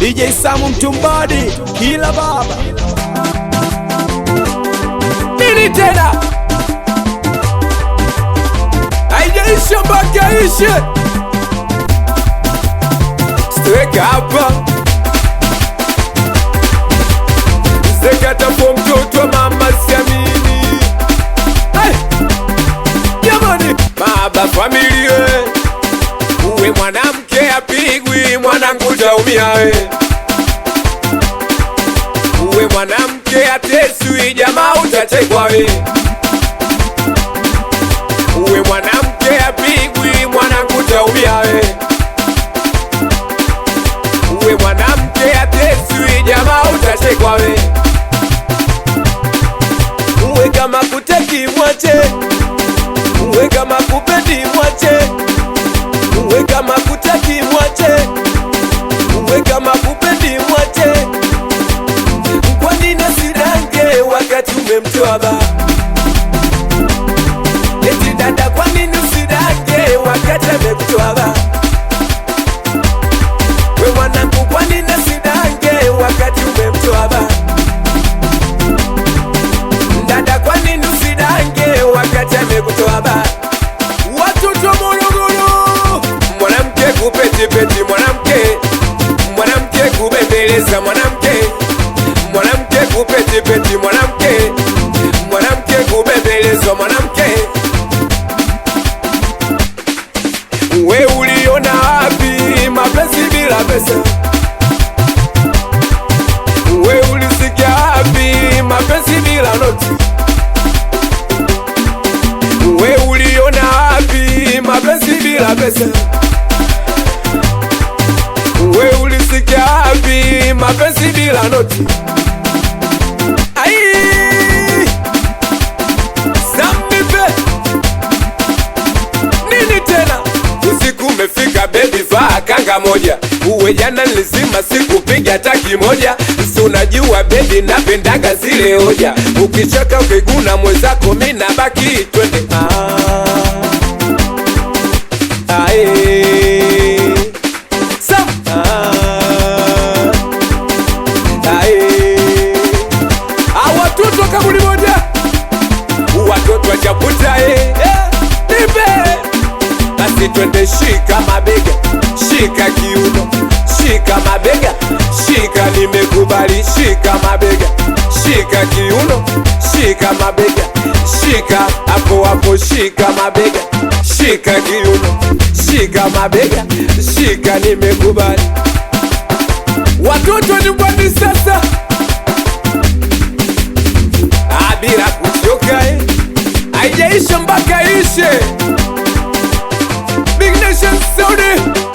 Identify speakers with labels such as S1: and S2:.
S1: DJ Samu mtumbadi kila baba nini tena aijaisha mpaka ishe stweka hapa zekatapo mtoto mama siamini jamani baba familia uwe mwanamke apigwi utaumia we. Uwe mwanamke ateswi, jamaa utatekwa we. Uwe mwanamke apigwi, mwanangu utaumia we. Uwe mwanamke ateswi, jamaa utatekwa we. Uwe kama kuteki mwache, uwe kama kupendi mwache Bembeleza mwanamke, mwanamke kupetipeti, mwanamke, mwanamke kubembelezwa, mwanamke. We uliona wapi mapenzi bila pesa? la noti. Ai! Nini tena? Usiku umefika baby, vaa kanga moja. Uwe jana nilizima sikupiga taki moja. Si unajua baby, napendaga zile hoja. Ukicheka ukiguna mwenzako, mimi baki twende. Ah. twende, shika mabega, shika kiuno, shika mabega, shika, nimekubali, shika mabega, shika kiuno, shika mabega, shika hapo hapo, shika mabega, shika kiuno, shika mabega, shika, nimekubali. Watoto nyumbani sasa, bila kuchoka, eh. aijaisha mpaka ishe. Kardeşim Saudi